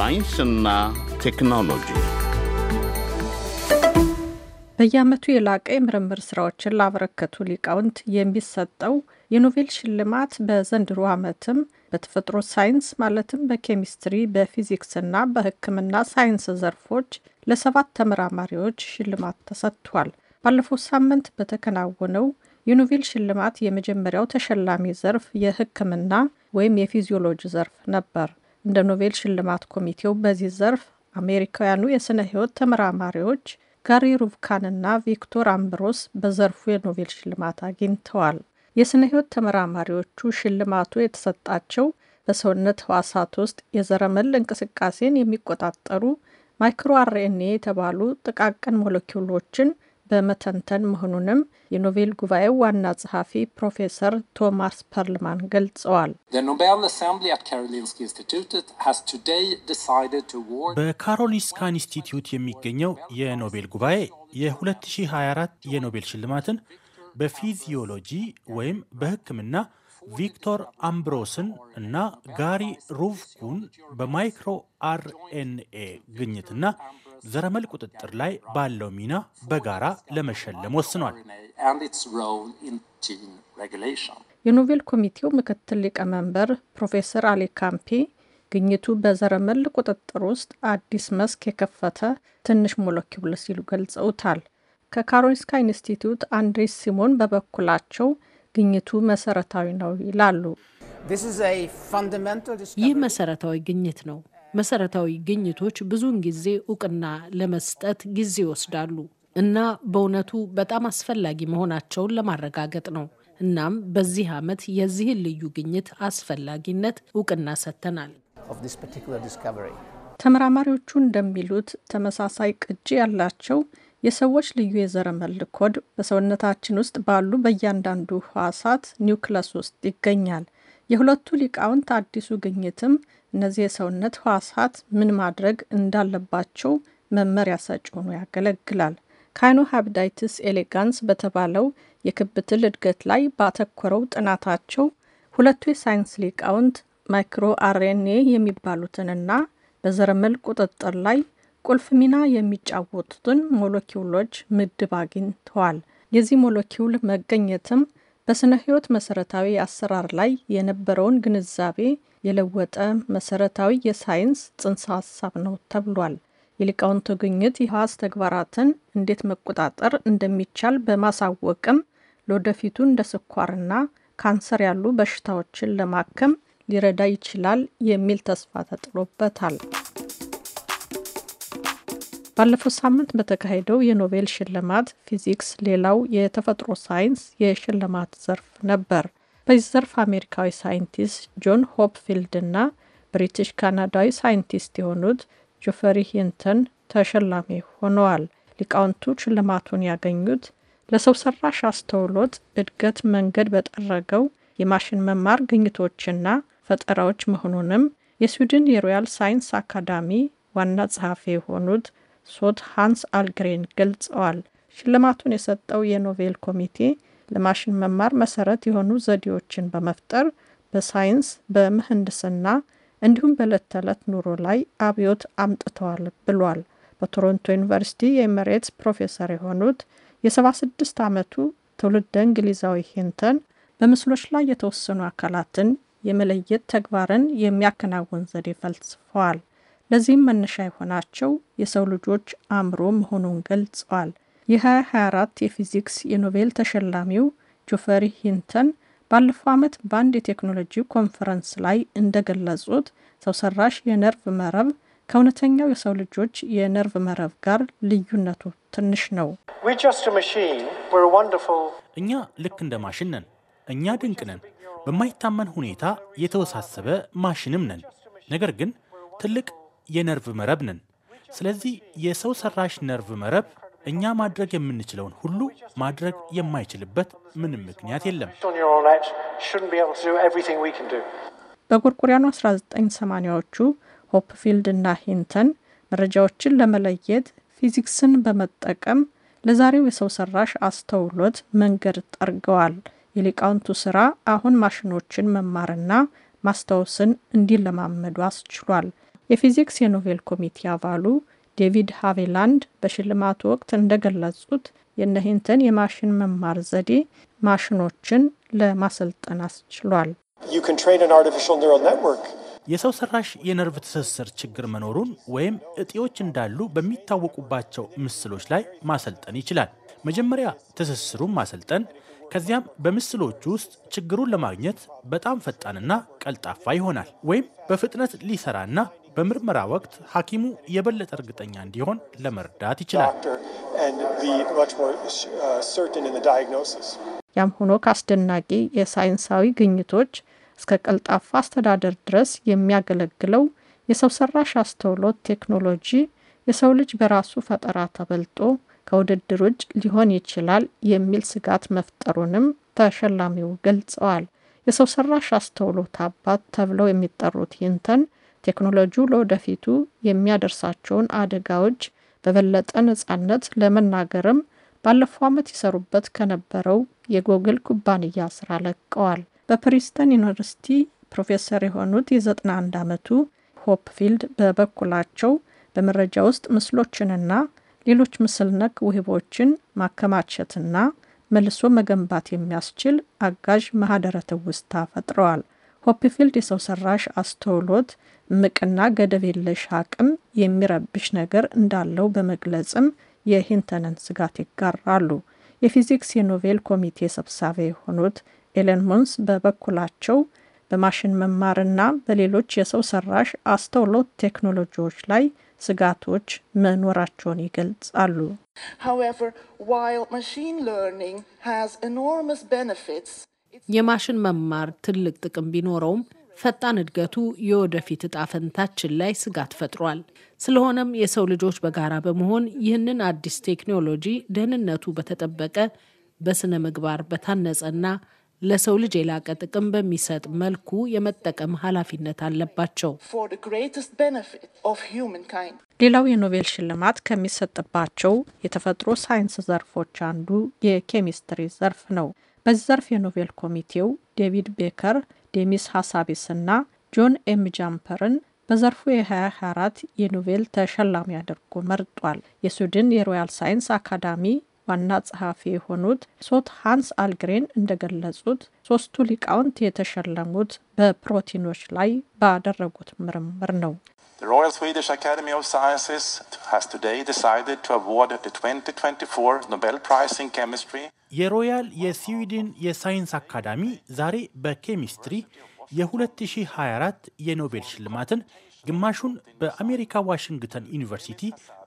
ሳይንስና ቴክኖሎጂ በየዓመቱ የላቀ የምርምር ስራዎችን ላበረከቱ ሊቃውንት የሚሰጠው የኖቤል ሽልማት በዘንድሮ ዓመትም በተፈጥሮ ሳይንስ ማለትም በኬሚስትሪ፣ በፊዚክስና በሕክምና ሳይንስ ዘርፎች ለሰባት ተመራማሪዎች ሽልማት ተሰጥቷል። ባለፈው ሳምንት በተከናወነው የኖቤል ሽልማት የመጀመሪያው ተሸላሚ ዘርፍ የሕክምና ወይም የፊዚዮሎጂ ዘርፍ ነበር። እንደ ኖቤል ሽልማት ኮሚቴው በዚህ ዘርፍ አሜሪካውያኑ የሥነ ሕይወት ተመራማሪዎች ጋሪ ሩብካንና ቪክቶር አምብሮስ በዘርፉ የኖቤል ሽልማት አግኝተዋል። የሥነ ሕይወት ተመራማሪዎቹ ሽልማቱ የተሰጣቸው በሰውነት ህዋሳት ውስጥ የዘረመል እንቅስቃሴን የሚቆጣጠሩ ማይክሮ አርኤንኤ የተባሉ ጥቃቅን ሞለኪውሎችን በመተንተን መሆኑንም የኖቤል ጉባኤው ዋና ጸሐፊ ፕሮፌሰር ቶማስ ፐርልማን ገልጸዋል። በካሮሊንስካ ኢንስቲትዩት የሚገኘው የኖቤል ጉባኤ የ2024 የኖቤል ሽልማትን በፊዚዮሎጂ ወይም በሕክምና ቪክቶር አምብሮስን እና ጋሪ ሩቭኩን በማይክሮ አርኤንኤ ግኝትና ዘረመል ቁጥጥር ላይ ባለው ሚና በጋራ ለመሸለም ወስኗል። የኖቤል ኮሚቴው ምክትል ሊቀመንበር ፕሮፌሰር አሊ ካምፔ ግኝቱ በዘረመል ቁጥጥር ውስጥ አዲስ መስክ የከፈተ ትንሽ ሞለኪውል ሲሉ ገልጸውታል። ከካሮንስካ ኢንስቲትዩት አንድሬስ ሲሞን በበኩላቸው ግኝቱ መሰረታዊ ነው ይላሉ። ይህ መሰረታዊ ግኝት ነው። መሰረታዊ ግኝቶች ብዙውን ጊዜ እውቅና ለመስጠት ጊዜ ይወስዳሉ እና በእውነቱ በጣም አስፈላጊ መሆናቸውን ለማረጋገጥ ነው። እናም በዚህ ዓመት የዚህን ልዩ ግኝት አስፈላጊነት እውቅና ሰጥተናል። ተመራማሪዎቹ እንደሚሉት ተመሳሳይ ቅጂ ያላቸው የሰዎች ልዩ የዘረመል ኮድ በሰውነታችን ውስጥ ባሉ በእያንዳንዱ ህዋሳት ኒውክለስ ውስጥ ይገኛል። የሁለቱ ሊቃውንት አዲሱ ግኝትም እነዚህ የሰውነት ህዋሳት ምን ማድረግ እንዳለባቸው መመሪያ ሰጭ ሆኖ ያገለግላል። ካይኖሃብዳይትስ ኤሌጋንስ በተባለው የክብትል እድገት ላይ ባተኮረው ጥናታቸው ሁለቱ የሳይንስ ሊቃውንት ማይክሮ አርኤንኤ የሚባሉትንና በዘረመል ቁጥጥር ላይ ቁልፍ ሚና የሚጫወቱትን ሞለኪውሎች ምድብ አግኝተዋል። የዚህ ሞለኪውል መገኘትም በስነ ህይወት መሰረታዊ አሰራር ላይ የነበረውን ግንዛቤ የለወጠ መሰረታዊ የሳይንስ ጽንሰ ሀሳብ ነው ተብሏል። የሊቃውንቱ ግኝት የህዋስ ተግባራትን እንዴት መቆጣጠር እንደሚቻል በማሳወቅም ለወደፊቱ እንደ ስኳርና ካንሰር ያሉ በሽታዎችን ለማከም ሊረዳ ይችላል የሚል ተስፋ ተጥሎበታል። ባለፈው ሳምንት በተካሄደው የኖቤል ሽልማት ፊዚክስ ሌላው የተፈጥሮ ሳይንስ የሽልማት ዘርፍ ነበር። በዚህ ዘርፍ አሜሪካዊ ሳይንቲስት ጆን ሆፕፊልድ እና ብሪቲሽ ካናዳዊ ሳይንቲስት የሆኑት ጆፈሪ ሂንተን ተሸላሚ ሆነዋል። ሊቃውንቱ ሽልማቱን ያገኙት ለሰው ሰራሽ አስተውሎት እድገት መንገድ በጠረገው የማሽን መማር ግኝቶችና ፈጠራዎች መሆኑንም የስዊድን የሮያል ሳይንስ አካዳሚ ዋና ጸሐፊ የሆኑት ሶት ሃንስ አልግሬን ገልጸዋል። ሽልማቱን የሰጠው የኖቬል ኮሚቴ ለማሽን መማር መሰረት የሆኑ ዘዴዎችን በመፍጠር በሳይንስ በምህንድስና እንዲሁም በዕለት ተዕለት ኑሮ ላይ አብዮት አምጥተዋል ብሏል። በቶሮንቶ ዩኒቨርሲቲ የኤምሬትስ ፕሮፌሰር የሆኑት የ76 ዓመቱ ትውልደ እንግሊዛዊ ሂንተን በምስሎች ላይ የተወሰኑ አካላትን የመለየት ተግባርን የሚያከናውን ዘዴ ፈልስፈዋል። ለዚህም መነሻ የሆናቸው የሰው ልጆች አእምሮ መሆኑን ገልጸዋል። የ2024 የፊዚክስ የኖቤል ተሸላሚው ጆፈሪ ሂንተን ባለፈው ዓመት በአንድ የቴክኖሎጂ ኮንፈረንስ ላይ እንደገለጹት ሰው ሰራሽ የነርቭ መረብ ከእውነተኛው የሰው ልጆች የነርቭ መረብ ጋር ልዩነቱ ትንሽ ነው። እኛ ልክ እንደ ማሽን ነን። እኛ ድንቅ ነን። በማይታመን ሁኔታ የተወሳሰበ ማሽንም ነን። ነገር ግን ትልቅ የነርቭ መረብ ነን። ስለዚህ የሰው ሰራሽ ነርቭ መረብ እኛ ማድረግ የምንችለውን ሁሉ ማድረግ የማይችልበት ምንም ምክንያት የለም። በጎርጎሪያኑ 1980ዎቹ ሆፕፊልድ እና ሂንተን መረጃዎችን ለመለየት ፊዚክስን በመጠቀም ለዛሬው የሰው ሰራሽ አስተውሎት መንገድ ጠርገዋል። የሊቃውንቱ ስራ አሁን ማሽኖችን መማርና ማስታወስን እንዲለማመዱ አስችሏል። የፊዚክስ የኖቤል ኮሚቴ አባሉ ዴቪድ ሃቬላንድ በሽልማቱ ወቅት እንደገለጹት የነ የማሽን መማር ዘዴ ማሽኖችን ለማሰልጠን አስችሏል። የሰው ሰራሽ የነርቭ ትስስር ችግር መኖሩን ወይም እጢዎች እንዳሉ በሚታወቁባቸው ምስሎች ላይ ማሰልጠን ይችላል። መጀመሪያ ትስስሩን ማሰልጠን፣ ከዚያም በምስሎቹ ውስጥ ችግሩን ለማግኘት በጣም ፈጣንና ቀልጣፋ ይሆናል። ወይም በፍጥነት ሊሰራና በምርመራ ወቅት ሐኪሙ የበለጠ እርግጠኛ እንዲሆን ለመርዳት ይችላል። uh, ያም ሆኖ ከአስደናቂ የሳይንሳዊ ግኝቶች እስከ ቀልጣፋ አስተዳደር ድረስ የሚያገለግለው የሰው ሰራሽ አስተውሎት ቴክኖሎጂ የሰው ልጅ በራሱ ፈጠራ ተበልጦ ከውድድር ውጭ ሊሆን ይችላል የሚል ስጋት መፍጠሩንም ተሸላሚው ገልጸዋል። የሰው ሰራሽ አስተውሎት አባት ተብለው የሚጠሩት ይንተን ቴክኖሎጂው ለወደፊቱ የሚያደርሳቸውን አደጋዎች በበለጠ ነፃነት ለመናገርም ባለፈው ዓመት ይሰሩበት ከነበረው የጎግል ኩባንያ ስራ ለቀዋል። በፕሪስተን ዩኒቨርሲቲ ፕሮፌሰር የሆኑት የ91 ዓመቱ ሆፕፊልድ በበኩላቸው በመረጃ ውስጥ ምስሎችንና ሌሎች ምስል ነክ ውህቦችን ማከማቸትና መልሶ መገንባት የሚያስችል አጋዥ ማህደረ ትውስታ ፈጥረዋል። ሆፕፊልድ የሰው ሰራሽ አስተውሎት ምቅና ገደብ የለሽ አቅም የሚረብሽ ነገር እንዳለው በመግለጽም የሂንተንን ስጋት ይጋራሉ። የፊዚክስ የኖቬል ኮሚቴ ሰብሳቢ የሆኑት ኤለን ሞንስ በበኩላቸው በማሽን መማርና በሌሎች የሰው ሰራሽ አስተውሎት ቴክኖሎጂዎች ላይ ስጋቶች መኖራቸውን ይገልጻሉ። however while machine learning has enormous benefits የማሽን መማር ትልቅ ጥቅም ቢኖረውም ፈጣን እድገቱ የወደፊት እጣ ፈንታችን ላይ ስጋት ፈጥሯል። ስለሆነም የሰው ልጆች በጋራ በመሆን ይህንን አዲስ ቴክኖሎጂ ደህንነቱ በተጠበቀ በስነ ምግባር በታነጸና ለሰው ልጅ የላቀ ጥቅም በሚሰጥ መልኩ የመጠቀም ኃላፊነት አለባቸው። ሌላው የኖቤል ሽልማት ከሚሰጥባቸው የተፈጥሮ ሳይንስ ዘርፎች አንዱ የኬሚስትሪ ዘርፍ ነው። በዚህ ዘርፍ የኖቤል ኮሚቴው ዴቪድ ቤከር፣ ዴሚስ ሀሳቢስ እና ጆን ኤም ጃምፐርን በዘርፉ የ2024 የኖቤል ተሸላሚ አድርጎ መርጧል። የስዊድን የሮያል ሳይንስ አካዳሚ ዋና ጸሐፊ የሆኑት ሶት ሃንስ አልግሬን እንደገለጹት ሶስቱ ሊቃውንት የተሸለሙት በፕሮቲኖች ላይ ባደረጉት ምርምር ነው። The Royal Swedish ኦፍ ሳይንስስ Sciences has today decided to award the 2024 Nobel Prize in Chemistry. የሮያል የስዊድን የሳይንስ አካዳሚ ዛሬ በኬሚስትሪ የ2024 የኖቤል ሽልማትን ግማሹን በአሜሪካ ዋሽንግተን ዩኒቨርሲቲ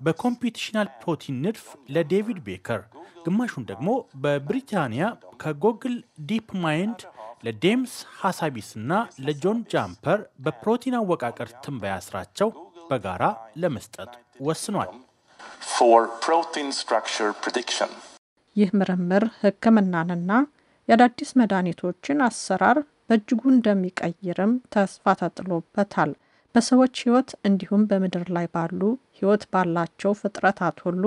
በኮምፒውቴሽናል ፕሮቲን ንድፍ ለዴቪድ ቤከር፣ ግማሹን ደግሞ በብሪታንያ ከጎግል ዲፕ ማይንድ ለዴምስ ሐሳቢስ እና ለጆን ጃምፐር በፕሮቲን አወቃቀር ትንበያ ስራቸው በጋራ ለመስጠት ወስኗል። ይህ ምርምር ሕክምናንና የአዳዲስ መድኃኒቶችን አሰራር በእጅጉ እንደሚቀይርም ተስፋ ተጥሎበታል። በሰዎች ህይወት እንዲሁም በምድር ላይ ባሉ ህይወት ባላቸው ፍጥረታት ሁሉ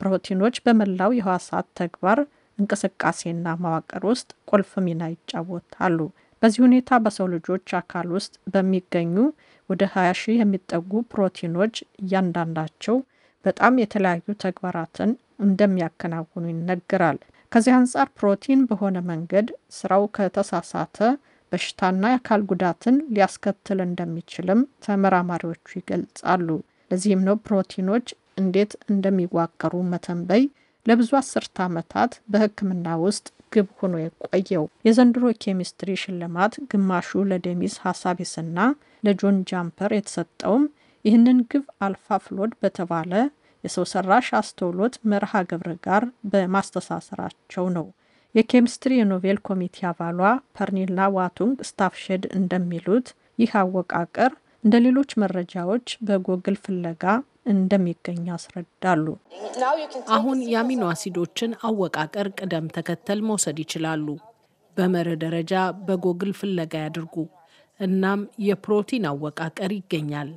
ፕሮቲኖች በመላው የህዋሳት ተግባር እንቅስቃሴና መዋቅር ውስጥ ቁልፍ ሚና ይጫወታሉ። በዚህ ሁኔታ በሰው ልጆች አካል ውስጥ በሚገኙ ወደ 20 ሺህ የሚጠጉ ፕሮቲኖች እያንዳንዳቸው በጣም የተለያዩ ተግባራትን እንደሚያከናውኑ ይነገራል። ከዚህ አንጻር ፕሮቲን በሆነ መንገድ ስራው ከተሳሳተ በሽታና የአካል ጉዳትን ሊያስከትል እንደሚችልም ተመራማሪዎቹ ይገልጻሉ። ለዚህም ነው ፕሮቲኖች እንዴት እንደሚዋቀሩ መተንበይ ለብዙ አስርት ዓመታት በሕክምና ውስጥ ግብ ሆኖ የቆየው። የዘንድሮ ኬሚስትሪ ሽልማት ግማሹ ለዴኒስ ሀሳቢስና ለጆን ጃምፐር የተሰጠውም ይህንን ግብ አልፋ ፍሎድ በተባለ የሰው ሰራሽ አስተውሎት መርሃ ግብር ጋር በማስተሳሰራቸው ነው። የኬሚስትሪ የኖቤል ኮሚቴ አባሏ ፐርኒላ ዋቱንግ ስታፍሸድ እንደሚሉት ይህ አወቃቀር እንደ ሌሎች መረጃዎች በጎግል ፍለጋ እንደሚገኝ ያስረዳሉ። አሁን የአሚኖ አሲዶችን አወቃቀር ቅደም ተከተል መውሰድ ይችላሉ። በመር ደረጃ በጎግል ፍለጋ ያድርጉ። እናም የፕሮቲን አወቃቀር ይገኛል።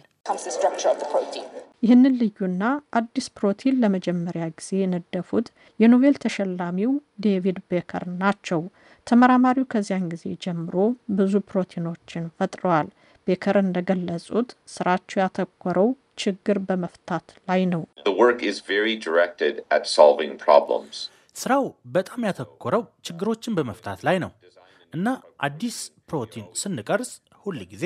ይህንን ልዩና አዲስ ፕሮቲን ለመጀመሪያ ጊዜ የነደፉት የኖቤል ተሸላሚው ዴቪድ ቤከር ናቸው። ተመራማሪው ከዚያን ጊዜ ጀምሮ ብዙ ፕሮቲኖችን ፈጥረዋል። ቤከር እንደገለጹት ስራቸው ያተኮረው ችግር በመፍታት ላይ ነው። ስራው በጣም ያተኮረው ችግሮችን በመፍታት ላይ ነው እና አዲስ ፕሮቲን ስንቀርጽ ሁል ጊዜ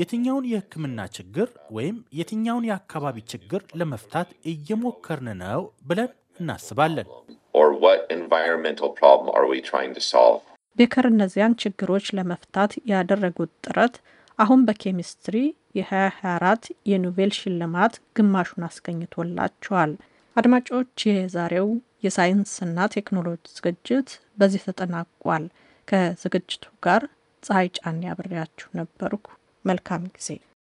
የትኛውን የሕክምና ችግር ወይም የትኛውን የአካባቢ ችግር ለመፍታት እየሞከርን ነው ብለን እናስባለን። ቤከር እነዚያን ችግሮች ለመፍታት ያደረጉት ጥረት አሁን በኬሚስትሪ የ2024 የኖቤል ሽልማት ግማሹን አስገኝቶላቸዋል። አድማጮች፣ የዛሬው የሳይንስና ቴክኖሎጂ ዝግጅት በዚህ ተጠናቋል። ከዝግጅቱ ጋር ፀሐይ ጫን ያብሬያችሁ ነበርኩ። መልካም ጊዜ